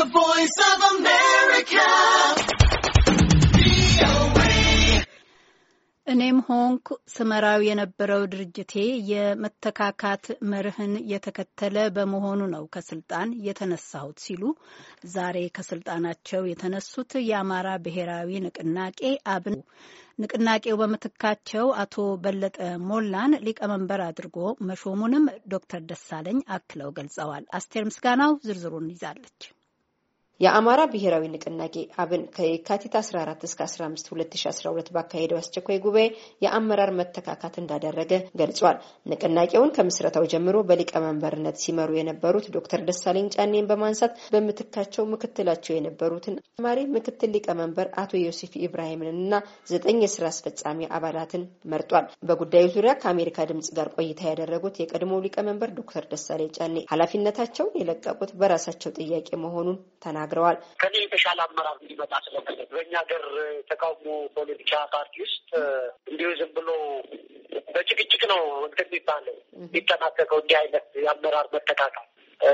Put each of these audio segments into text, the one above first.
The Voice of America. እኔም ሆንኩ ስመራው የነበረው ድርጅቴ የመተካካት መርህን የተከተለ በመሆኑ ነው ከስልጣን የተነሳሁት ሲሉ ዛሬ ከስልጣናቸው የተነሱት የአማራ ብሔራዊ ንቅናቄ አብን ንቅናቄው በምትካቸው አቶ በለጠ ሞላን ሊቀመንበር አድርጎ መሾሙንም ዶክተር ደሳለኝ አክለው ገልጸዋል። አስቴር ምስጋናው ዝርዝሩን ይዛለች። የአማራ ብሔራዊ ንቅናቄ አብን ከየካቲት 14 እስከ 15 2012 ባካሄደው አስቸኳይ ጉባኤ የአመራር መተካካት እንዳደረገ ገልጿል። ንቅናቄውን ከምስረታው ጀምሮ በሊቀመንበርነት ሲመሩ የነበሩት ዶክተር ደሳለኝ ጫኔን በማንሳት በምትካቸው ምክትላቸው የነበሩትን ተማሪ ምክትል ሊቀመንበር አቶ ዮሴፍ ኢብራሂምን እና ዘጠኝ የስራ አስፈጻሚ አባላትን መርጧል። በጉዳዩ ዙሪያ ከአሜሪካ ድምጽ ጋር ቆይታ ያደረጉት የቀድሞው ሊቀመንበር ዶክተር ደሳለኝ ጫኔ ኃላፊነታቸውን የለቀቁት በራሳቸው ጥያቄ መሆኑን ተናግረዋል። ተናግረዋል። ከኔ የተሻለ አመራር እንዲመጣ ስለፈለግ በእኛ ሀገር ተቃውሞ ፖለቲካ ፓርቲ ውስጥ እንዲሁ ዝም ብሎ በጭቅጭቅ ነው እንትን የሚባለው የሚጠናቀቀው እንዲህ አይነት የአመራር መተካካል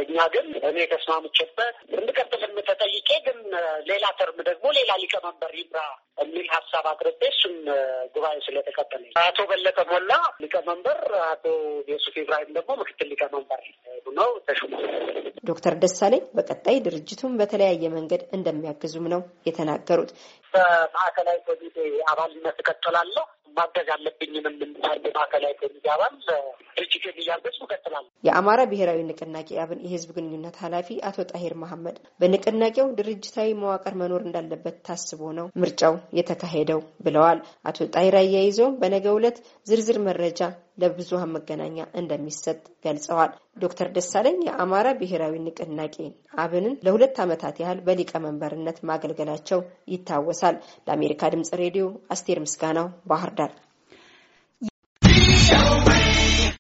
እኛ ግን እኔ ተስማምቼበት እንድቀጥልም የምተጠይቄ ግን ሌላ ተርም ደግሞ ሌላ ሊቀመንበር ይብራ የሚል ሀሳብ አቅርቤ እሱም ጉባኤ ስለተቀበለ አቶ በለጠ ሞላ ሊቀመንበር፣ አቶ የሱፍ ኢብራሂም ደግሞ ምክትል ሊቀመንበር ሆነው ተሹሟል። ዶክተር ደሳለኝ በቀጣይ ድርጅቱን በተለያየ መንገድ እንደሚያግዙም ነው የተናገሩት። በማዕከላዊ ኮሚቴ አባልነት እቀጥላለሁ። ማገዝ አለብኝንም እንዲያለ ማዕከላዊ ኮሚቴ አባል ድርጅት እያገዝኩ እቀጥላለሁ። የአማራ ብሔራዊ ንቅናቄ አብን የህዝብ ግንኙነት ኃላፊ አቶ ጣሄር መሐመድ በንቅናቄው ድርጅታዊ መዋቅር መኖር እንዳለበት ታስቦ ነው ምርጫው የተካሄደው ብለዋል። አቶ ጣሄር አያይዘው በነገ ዕለት ዝርዝር መረጃ ለብዙሃን መገናኛ እንደሚሰጥ ገልጸዋል። ዶክተር ደሳለኝ የአማራ ብሔራዊ ንቅናቄ አብንን ለሁለት ዓመታት ያህል በሊቀመንበርነት ማገልገላቸው ይታወሳል። ለአሜሪካ ድምጽ ሬዲዮ አስቴር ምስጋናው ባህር ዳር